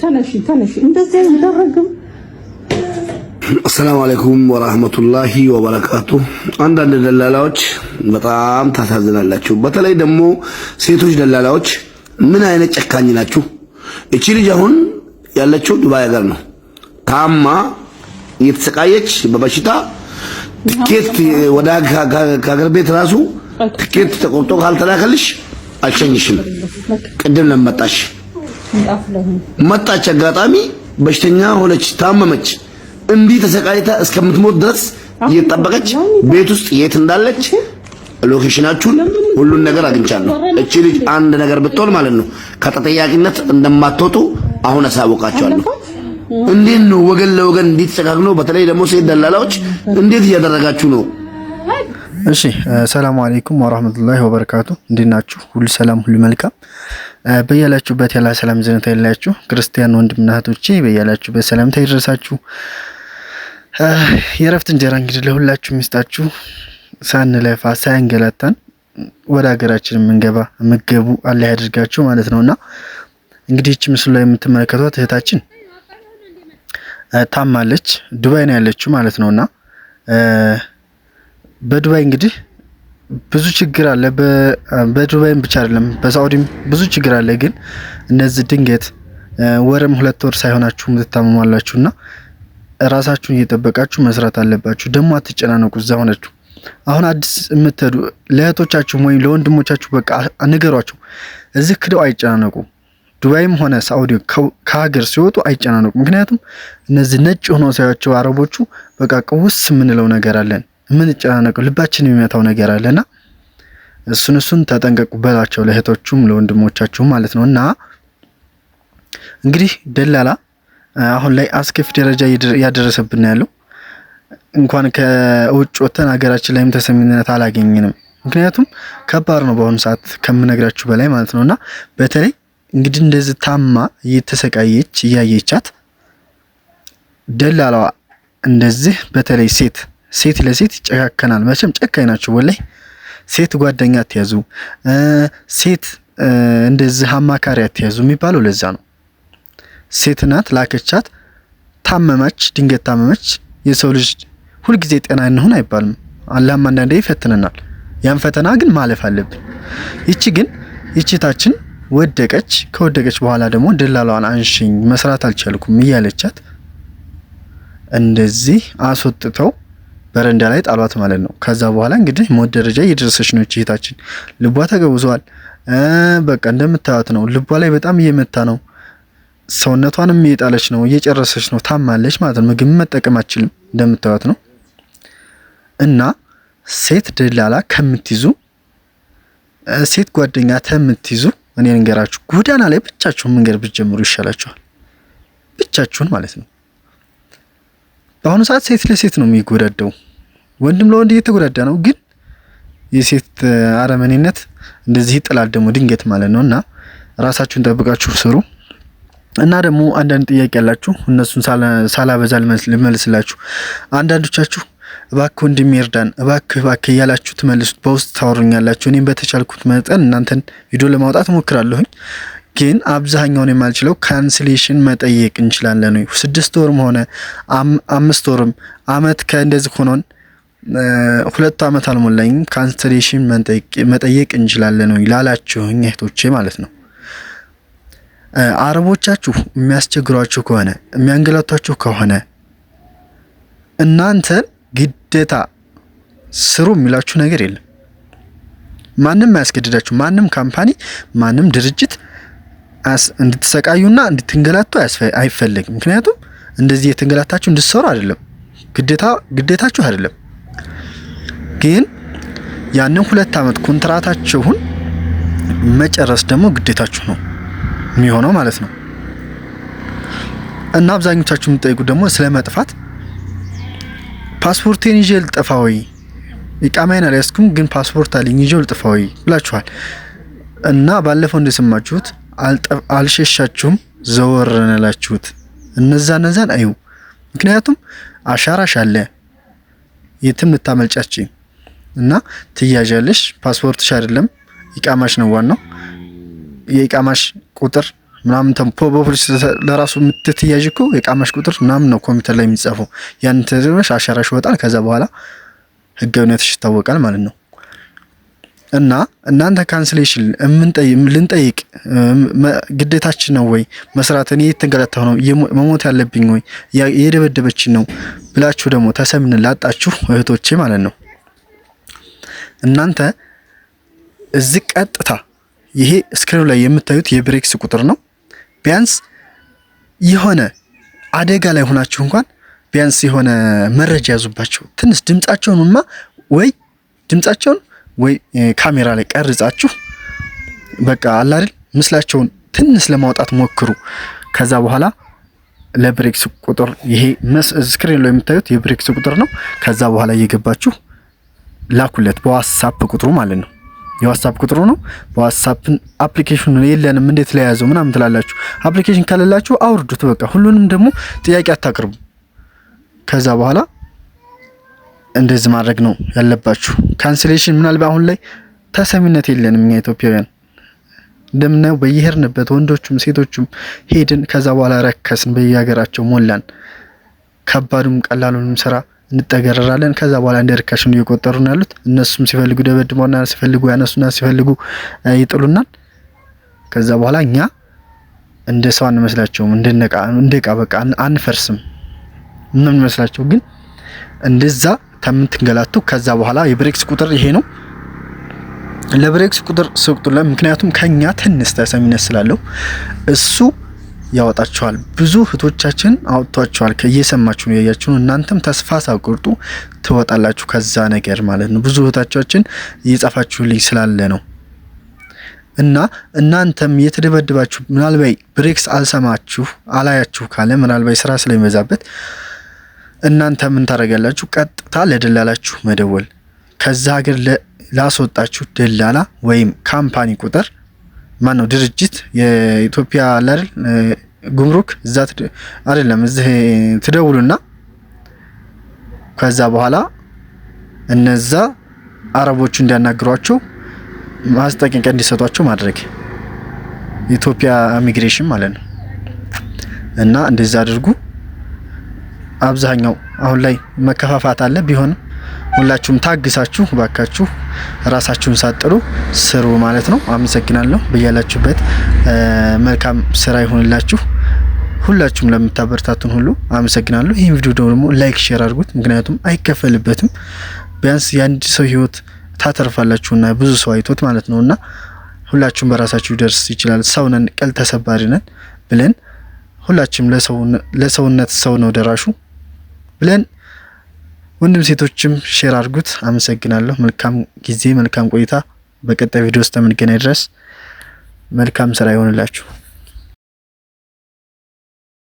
ተነሺ ተነሺ። እንደዚህ አይደረግም። አሰላሙ አለይኩም ወራህመቱላሂ ወበረካቱ። አንዳንድ ደላላዎች በጣም ታሳዝናላችሁ። በተለይ ደግሞ ሴቶች ደላላዎች ምን አይነት ጨካኝ ናችሁ? እቺ ልጅ አሁን ያለችው ዱባይ ሀገር ነው። ታማ እየተሰቃየች በበሽታ ትኬት ወደ ከሀገር ቤት ራሱ ትኬት ተቆርጦ ካልተላከልሽ አልሸኝሽም ቅድም ለመጣሽ መጣች። አጋጣሚ በሽተኛ ሆነች፣ ታመመች። እንዲህ ተሰቃይታ እስከምትሞት ድረስ እየተጠበቀች ቤት ውስጥ የት እንዳለች ሎኬሽናችሁን ሁሉን ነገር አግኝቻለሁ። እቺ ልጅ አንድ ነገር ብትሆን ማለት ነው ከተጠያቂነት እንደማትወጡ አሁን አሳውቃቸዋለሁ። እንዴት ነው ወገን ለወገን እንዴት ተጨካክኖ፣ በተለይ ደግሞ ሴት ደላላዎች እንዴት እያደረጋችሁ ነው? እሺ፣ ሰላም አለይኩም ወራህመቱላሂ ወበረካቱ። እንዴት ናችሁ? ሁሉ ሰላም፣ ሁሉ መልካም በያላችሁበት ያለ ሰላም ዝነታ የላችሁ ክርስቲያን ወንድምና እህቶቼ በያላችሁበት ሰላምታ ይድረሳችሁ። የእረፍት እንጀራ እንግዲህ ለሁላችሁ የሚስጣችሁ ሳንለፋ ሳያንገላታን ወደ ሀገራችን የምንገባ የምገቡ አላህ ያድርጋችሁ ማለት ነው እና እንግዲህ ይቺ ምስሉ ላይ የምትመለከቷት እህታችን ታማለች። ዱባይ ነው ያለችው ማለት ነው እና በዱባይ እንግዲህ ብዙ ችግር አለ። በዱባይም ብቻ አይደለም በሳዑዲም ብዙ ችግር አለ። ግን እነዚህ ድንገት ወርም ሁለት ወር ሳይሆናችሁ ምትታመማላችሁ እና ራሳችሁን እየጠበቃችሁ መስራት አለባችሁ። ደግሞ አትጨናነቁ። እዛ ሆነችሁ አሁን አዲስ የምትሄዱ ለእህቶቻችሁ ወይም ለወንድሞቻችሁ በቃ ንገሯቸው። እዚህ ክደው አይጨናነቁ። ዱባይም ሆነ ሳዑዲ ከሀገር ሲወጡ አይጨናነቁ። ምክንያቱም እነዚህ ነጭ ሆነው ሳያቸው አረቦቹ በቃ ቅውስ የምንለው ነገር አለን የምንጨናነቀው ልባችን የሚመታው ነገር አለና እሱን እሱን ተጠንቀቁ በላቸው ለእህቶቹም ለወንድሞቻችሁም ማለት ነው። እና እንግዲህ ደላላ አሁን ላይ አስከፊ ደረጃ እያደረሰብን ያለው እንኳን ከውጭ ወተን ሀገራችን ላይም ተሰሚነት አላገኘንም። ምክንያቱም ከባድ ነው በአሁኑ ሰዓት ከምነግራችሁ በላይ ማለት ነው። እና በተለይ እንግዲህ እንደዚህ ታማ እየተሰቃየች እያየቻት ደላላዋ እንደዚህ በተለይ ሴት ሴት ለሴት ይጨካከናል። መቼም ጨካኝ ናቸው ወላይ ሴት ጓደኛ አትያዙ፣ ሴት እንደዚህ አማካሪ አትያዙ የሚባለው ለዛ ነው። ሴት ናት ላከቻት፣ ታመመች፣ ድንገት ታመመች። የሰው ልጅ ሁልጊዜ ጤና እንሆን አይባልም። አላህም አንዳንዴ ይፈትነናል። ያን ፈተና ግን ማለፍ አለብን። ይቺ ግን ይቺታችን ወደቀች። ከወደቀች በኋላ ደግሞ ደላሏን አንሽኝ መስራት አልቻልኩም እያለቻት እንደዚህ አስወጥተው በረንዳ ላይ ጣሏት ማለት ነው። ከዛ በኋላ እንግዲህ ሞት ደረጃ እየደረሰች ነው እህታችን። ልቧ ተገብዟል። በቃ እንደምታዩት ነው። ልቧ ላይ በጣም እየመታ ነው። ሰውነቷንም እየጣለች ነው፣ እየጨረሰች ነው። ታማለች ማለት ነው። ምግብ መጠቀም አችልም እንደምታዩት ነው። እና ሴት ደላላ ከምትይዙ፣ ሴት ጓደኛ ተምትይዙ እኔ ንገራችሁ፣ ጎዳና ላይ ብቻችሁን መንገድ ብትጀምሩ ይሻላችኋል። ብቻችሁን ማለት ነው። በአሁኑ ሰዓት ሴት ለሴት ነው የሚጎዳደው፣ ወንድም ለወንድ እየተጎዳዳ ነው። ግን የሴት አረመኔነት እንደዚህ ይጥላል ደግሞ ድንገት ማለት ነው። እና ራሳችሁን ጠብቃችሁ ስሩ። እና ደግሞ አንዳንድ ጥያቄ ያላችሁ እነሱን ሳላበዛ ልመልስላችሁ። አንዳንዶቻችሁ እባክህ ወንድሜ ይርዳን፣ እባክህ እባክህ እያላችሁ ትመልሱት በውስጥ ታወሩኛላችሁ። እኔም በተቻልኩት መጠን እናንተን ቪዲዮ ለማውጣት ሞክራለሁኝ። ግን አብዛኛውን የማልችለው ካንስሌሽን መጠየቅ እንችላለን። ስድስት ወርም ሆነ አምስት ወርም አመት ከእንደዚህ ሆኖን ሁለቱ አመት አልሞላኝ ካንስሌሽን መጠየቅ እንችላለን ወይ ላላችሁኝ እህቶቼ ማለት ነው። አረቦቻችሁ የሚያስቸግሯችሁ ከሆነ የሚያንገላቷችሁ ከሆነ እናንተን ግዴታ ስሩ የሚላችሁ ነገር የለም። ማንም አያስገድዳችሁ። ማንም ካምፓኒ፣ ማንም ድርጅት እንድትሰቃዩና እንድትንገላቱ አይፈለግም። ምክንያቱም እንደዚህ የተንገላታችሁ እንድትሰሩ አይደለም፣ ግዴታ ግዴታችሁ አይደለም። ግን ያንን ሁለት ዓመት ኮንትራታችሁን መጨረስ ደግሞ ግዴታችሁ ነው የሚሆነው ማለት ነው። እና አብዛኞቻችሁ የምትጠይቁት ደግሞ ስለ መጥፋት ፓስፖርቴን ይዤ ልጠፋ ወይ ኢቃማዬን አልያዝኩም፣ ግን ፓስፖርት አለኝ ይዤው ልጥፋ ወይ ብላችኋል እና ባለፈው እንደሰማችሁት አልሸሻችሁም፣ ዘወር ነው እነዛ እነዛን አዩ። ምክንያቱም አሻራሽ አለ የትም የምታመልጫች እና ትያዣለሽ። ፓስፖርትሽ አይደለም ይቃማሽ ነው ዋናው። የኢቃማሽ ቁጥር ምናምን በፖሊስ ለራሱ የምትትያዥ እኮ የቃማሽ ቁጥር ምናምን ነው ኮምፒውተር ላይ የሚጻፈው። ያን ተደርመሽ አሻራሽ ወጣል። ከዛ በኋላ ህጋዊነትሽ ይታወቃል ማለት ነው። እና እናንተ ካንስሌሽን ልንጠይቅ ግዴታችን ነው ወይ መስራት? እኔ የተንገላታሁ ነው መሞት ያለብኝ ወይ የደበደበችን ነው ብላችሁ ደግሞ ተሰምን ላጣችሁ እህቶቼ ማለት ነው እናንተ እዚህ ቀጥታ ይሄ ስክሪኑ ላይ የምታዩት የብሬክስ ቁጥር ነው። ቢያንስ የሆነ አደጋ ላይ ሆናችሁ እንኳን ቢያንስ የሆነ መረጃ ያዙባቸው። ትንሽ ድምጻቸውንማ ወይ ድምጻቸውን ወይ ካሜራ ላይ ቀርጻችሁ በቃ አለ አይደል ምስላቸውን ለማውጣት ሞክሩ። ከዛ በኋላ ለብሬክስ ቁጥር ይሄ ስክሪን ላይ የምታዩት የብሬክስ ቁጥር ነው። ከዛ በኋላ እየገባችሁ ላኩለት በዋትሳፕ ቁጥሩ ማለት ነው። የዋትሳፕ ቁጥሩ ነው። በዋትሳፕን አፕሊኬሽኑ የለንም እንዴት ለያዘው ምናምን ትላላችሁ። አፕሊኬሽን ከሌላችሁ አውርዱት። በቃ ሁሉንም ደግሞ ጥያቄ አታቅርቡ። ከዛ በኋላ እንደዚህ ማድረግ ነው ያለባችሁ። ካንስሌሽን ምናልባት አሁን ላይ ተሰሚነት የለንም እኛ ኢትዮጵያውያን እንደምናየው በየሄድንበት ወንዶቹም ሴቶቹም ሄድን። ከዛ በኋላ ረከስን፣ በየሀገራቸው ሞላን። ከባዱም ቀላሉንም ስራ እንጠገረራለን። ከዛ በኋላ እንደ እየቆጠሩ ነው ያሉት እነሱም ሲፈልጉ ደበድበውና ሲፈልጉ ያነሱና ሲፈልጉ ይጥሉናል። ከዛ በኋላ እኛ እንደ ሰው አንመስላቸውም፣ እንደ እቃ በቃ አንፈርስም። ምን ይመስላቸው ግን እንደዛ ከምትንገላቱ ከዛ በኋላ የብሬክስ ቁጥር ይሄ ነው። ለብሬክስ ቁጥር ስቁጡልን። ምክንያቱም ከኛ ትንሽ ተሰሚነት ስላለው እሱ ያወጣቸዋል። ብዙ እህቶቻችን አውጥቷቸዋል። እየሰማችሁ ነው ያያችሁ ነው። እናንተም ተስፋ ሳቆርጡ ትወጣላችሁ ከዛ ነገር ማለት ነው። ብዙ እህቶቻችን እየጻፋችሁልኝ ስላለ ነው እና እናንተም የተደበደባችሁ ምናልባይ ብሬክስ አልሰማችሁ አላያችሁ ካለ ምናልባይ ስራ ስለሚበዛበት እናንተ ምን ታደርጋላችሁ? ቀጥታ ለደላላችሁ መደወል ከዛ ሀገር ላስወጣችሁ ደላላ ወይም ካምፓኒ ቁጥር ማን ነው ድርጅት የኢትዮጵያ ላርል ጉምሩክ እዛ አይደለም እዚህ ትደውሉና ከዛ በኋላ እነዛ አረቦቹ እንዲያናግሯቸው ማስጠንቀቂያ እንዲሰጧቸው ማድረግ ኢትዮጵያ ኢሚግሬሽን ማለት ነው። እና እንደዛ አድርጉ። አብዛኛው አሁን ላይ መከፋፋት አለ። ቢሆንም ሁላችሁም ታግሳችሁ ባካችሁ ራሳችሁን ሳጥሉ ስሩ ማለት ነው። አመሰግናለሁ። በያላችሁበት መልካም ስራ ይሆንላችሁ። ሁላችሁም ለምታበረታቱን ሁሉ አመሰግናለሁ። ይህን ቪዲዮ ደግሞ ላይክ፣ ሼር አድርጉት። ምክንያቱም አይከፈልበትም። ቢያንስ የአንድ ሰው ህይወት ታተርፋላችሁና ብዙ ሰው አይቶት ማለት ነው እና ሁላችሁም በራሳችሁ ደርስ ይችላል። ነን፣ ቀል ተሰባሪ ነን ብለን ሁላችሁም ለሰውነት ሰው ነው ደራሹ ብለን ወንድም ሴቶችም ሼር አድርጉት። አመሰግናለሁ። መልካም ጊዜ፣ መልካም ቆይታ። በቀጣይ ቪዲዮ እስከምንገናኝ ድረስ መልካም ስራ ይሆንላችሁ።